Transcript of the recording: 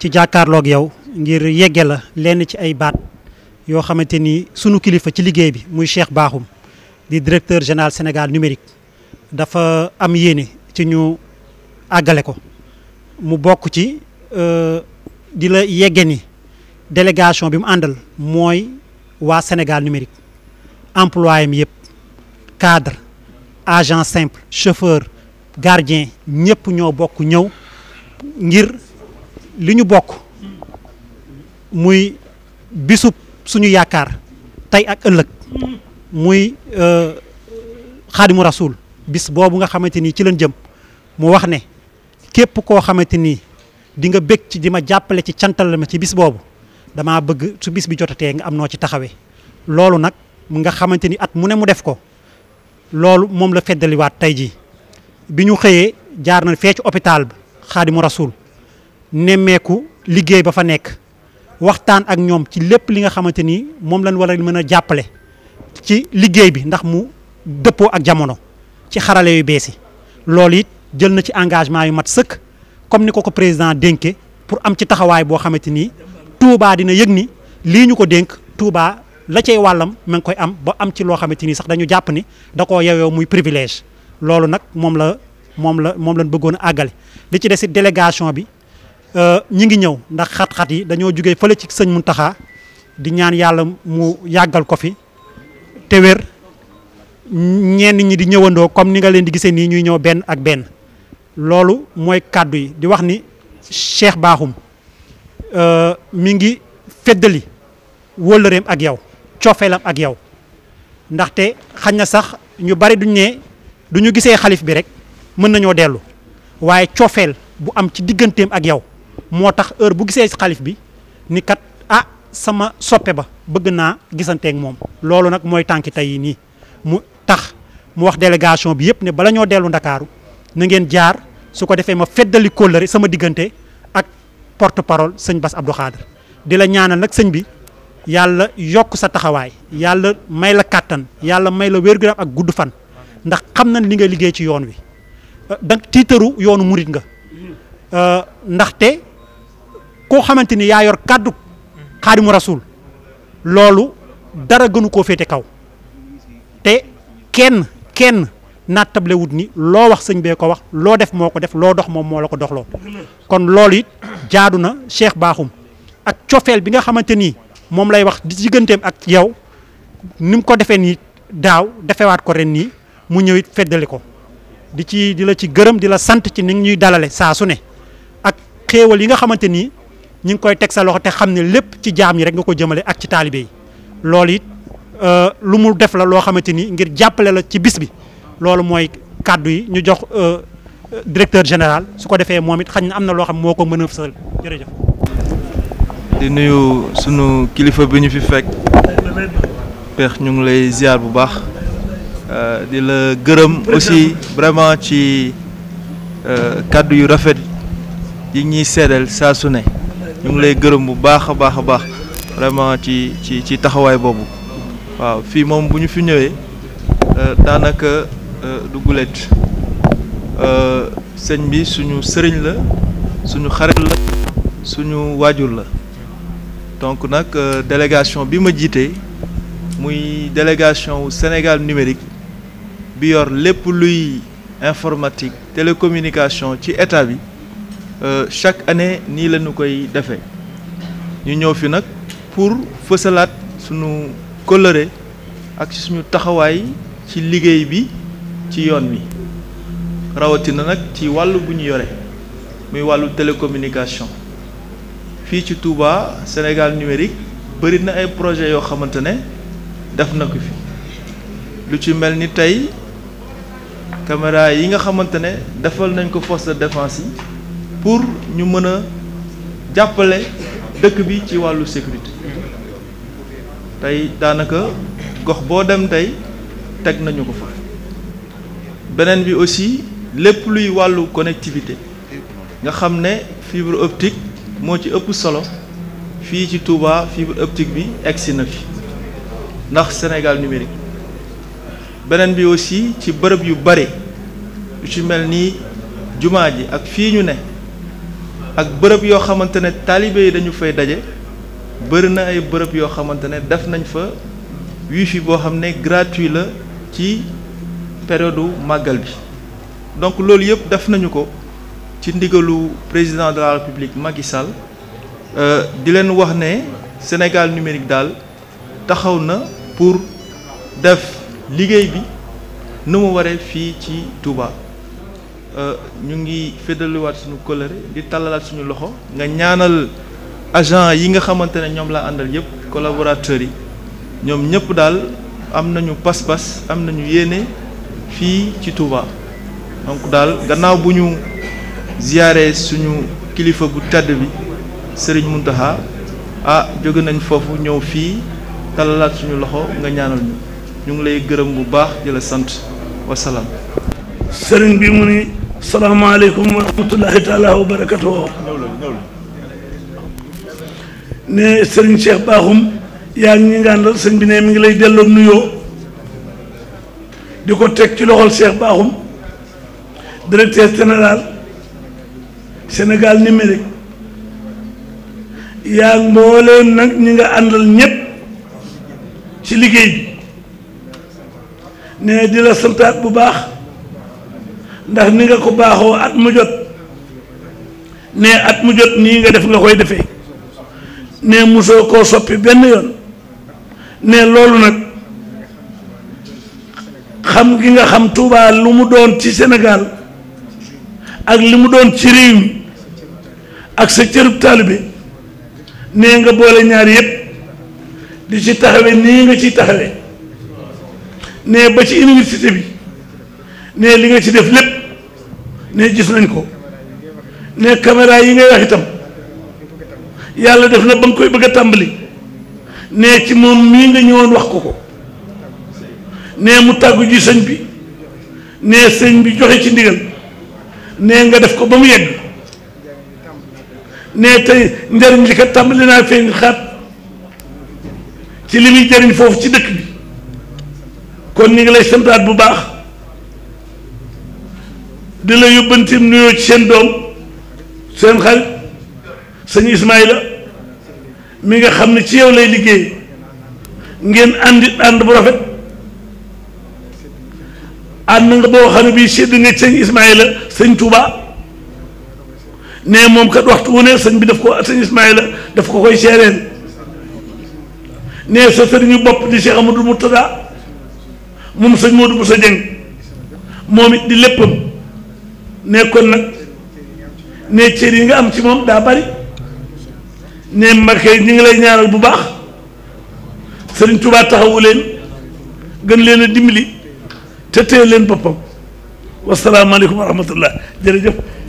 ci jàkkaarloog yow ngir yegge la lenn ci ay baat yoo xamante ni sunu kilifa ci liggéey bi muy Cheikh Bakhoum di directeur général Sénégal numérique dafa am yéene ci ñu àggale ko mu bokk ci euh, di la yegge ni délégation bi mu àndal mooy waa Sénégal numérique employé mi yëpp cadre agent simple chauffeur gardien ñëpp ñoo bokk ñëw ngir li ñu bokk muy bisub suñu yaakaar tey ak ëllëg muy euh, xaadimu rasul bis boobu nga xamante ni ci leen jëm mu wax ne képp koo xamante ni di nga bég ci di ma jàppale ci cantal ma ci bis boobu damaa bëgg su bis bi jotatee nga am noo ci taxawee loolu nag nga xamante ni at mu ne mu def ko loolu moom la feddaliwaat tey jii bi ñu xëyee jaar na fee ci hôpital bi xaadimu rasul nemmeeku liggéey ba fa nekk waxtaan ak ñoom ci lépp li nga xamante ni moom lañ war mën a jàppale ci liggéey bi ndax mu dëppoo ak jamono ci xarale yu bees yi loolu it jël na ci engagement yu mat sëkk comme ni ko ko président dénke pour am ci taxawaay boo xamante ni Touba dina yëg ni lii ñu ko dénk Touba la cay wàllam ma ngi koy am ba am ci loo xamante ni sax dañu jàpp ni da koo yeyoo muy privilège loolu nag moom la moom la moom lañ bëggoon a àggale li ci des it délégation bi. Euh, ñi ngi ñëw ndax xat-xat yi dañoo jugee fële ci sëñ taxa di ñaan yàlla mu yàggal ko fi te wér ñenn ñi di ñëwandoo comme ni nga leen di gisee nii ñuy ñëw benn ak benn loolu mooy kàddu yi di wax ni Cheikh Bakhoum euh, mu ngi feddali wóllëreem ak yow coofeelam ak yow ndaxte xañ na sax ñu bari duñ ne du ñu gisee xalif bi rek mën nañoo dellu waaye coofeel bu am ci digganteem ak yow moo tax heure bu gisee xalif bi ni kat ah sama soppe ba bëgg naa gisanteek moom loolu nag mooy tànki tey yi nii mu tax mu wax délégation bi yëpp ne bala ñoo dellu ndakaaru na ngeen jaar su ko defee ma feddali kóllëre sama diggante ak porte parole sëñ Bass Abdou Khadre di la ñaanal nag sëñ bi yàlla yokk sa taxawaay yàlla may la kàttan yàlla may la wér gu ak gudd fan ndax xam na li nga liggéey ci yoon wi euh, da tiitaru yoonu murit nga euh, ndaxte koo xamante ni yaa yor kàddu xaadimu rasul loolu dara gënu koo féete kaw te kenn kenn naat table wut ni loo wax sëñ bee ko wax loo def moo ko def loo dox moom moo la ko doxloo kon loolu it jaadu na Cheikh Bakhoum ak cofeel bi nga xamante ni moom lay wax di digganteem ak yow ni mu ko defee nii daaw defewaat ko ren nii mu ñëw it feddali ko di ci di la ci gërëm di la sant ci ni ñuy dalale saa su ne ak xéewal yi nga xamante ni ñu ngi koy teg sa loxo te xam ne lépp ci jaam yi rek nga ko jëmale ak ci taalibe yi loolu it euh, lu mu def la loo xamante ni ngir jàppale la ci bis bi loolu mooy kàddu yi ñu jox euh, directeur général su ko defee moom it xañ na am na loo xam moo ko mën a fësal jërëjëf. di nuyu sunu kilifa bi ñu fi fekk peex ñu ngi lay ziar bu baax euh, di la gërëm aussi vraiment ci kàddu yu rafet yi ñuy seedal saa su ne. ñu ngi lay gërëm bu baax a baax a baax vraiment ci ci ci taxawaay boobu waaw fii moom bu ñu fi ñëwee euh, daanaka euh, du gulet euh, sëñ bi suñu sëriñ la suñu xarit la suñu waajur la donc nag délégation bi ma jiitee muy délégation wu Sénégal numérique bi yor lépp luy informatique télécommunication ci état bi Euh, chaque année nii la koy defe ñu ñëw fi nag pour fësalaat suñu kóllëre ak suñu taxawaay ci liggéey bi ci yoon wi rawatina nag ci wàll bu ñu yore muy wàllu télécommunication fii ci Touba Sénégal numérique bëri na ay projet yoo xamante ne def na ko fi lu ci mel ni tey caméra yi nga xamante ne defal nañ ko force de défense yi pour ñu mën a jàppale dëkk bi ci wàllu sécurité tey daanaka gox boo dem tey teg nañu ko fa beneen bi aussi lépp luy wàllu connectivité nga xam ne fibre optique moo ci ëpp solo fii ci Touba fibre optique bi egsi na fi ndax Sénégal numérique beneen bi aussi ci bërëb yu bari yu ci mel ni jumaa ji ak fii ñu ne ak bërëb yoo xamante ne taalibe yi dañu fay daje bëri na ay bërëb yoo xamante ne def nañ fa wifi boo xam ne gratuit la ci période màggal bi donc loolu yëpp def nañu ko ci ndigalu président de la république Macky Sall euh, di leen wax ne Sénégal numérique daal taxaw na pour def liggéey bi nu mu waree fii ci tuuba Euh, ñu ngi féddaliwaat suñu colère di tallalaat suñu loxo nga ñaanal agent yi nga xamante ne ñoom laa àndal yëpp collaborateurs yi ñoom ñëpp daal am nañu pas-pas am nañu yéene fii ci Touba donc daal gannaaw bu ñu ziyaare suñu kilifa bu tedd bi Serigne Mountakha ah jóge nañ foofu ñëw fii talalaat suñu loxo nga ñaanal ñu ñu ngi lay gërëm bu baax jëla sant wasalaam. Serigne bi mu ni salaamaaleykum wa rahmatullahi taala wa barakatuh ne sëriñ Cheikh Bakhoum yaa ngi ñu ngàndal sëñ bi ne mi ngi lay delloo nuyoo di ko teg ci loxol Cheikh Bakhoum directeur général Sénégal numérique yaa mbooleem nag ñi nga àndal ñëpp ci liggéey bi ne di la santaat bu baax ndax ni nga ko baaxoo at mu jot ne at mu jot nii nga def nga koy defee ne musoo koo soppi benn yoon ne loolu nag xam gi nga xam Touba lu mu doon ci Sénégal ak li mu doon ci réew mi ak sa cërub taalibe nee nga boole ñaar yépp di ci taxawe nii nga ci taxawe ne ba ci université bi ne li nga ci def lépp ne gis nañ ko ne caméra yi ngay wax itam yàlla def na ba nga koy bëgg a tàmbali ne ci moom mii nga ñëwoon wax ko ko ne mu tàggu ji sëñ bi ne sëñ bi joxe ci ndigal ne nga def ko ba mu yegg ne te njariñ li kat tàmbali naa feeñ xat ci li muy jariñ foofu ci dëkk bi kon ñu ngi lay santaat bu baax di la yóbbantim nuyoo ci seen doom seen xarit sëñ Ismaïla mi nga xam ne ci yow lay liggéey ngeen àndi ànd bu rafet ànd nga boo xam ne bii sédd nga sëñ Ismaïla sëñ Touba ne moom kat waxtu wu ne sëñ bi daf ko sëñ Ismaïla daf ko koy seereen ne sa sëriñu bopp di Cheikh Amadou Murtada moom sëñ Modou Bousso Dieng moom di léppam kon nag ne cër yi nga am ci moom daa bari ne Mbakke ñi ngi lay ñaanal bu baax Sëriñ Tuubaa taxawu leen gën leen a dimbali te téye leen boppam wasalaamaaleykum wa rahmatullah jërëjëf.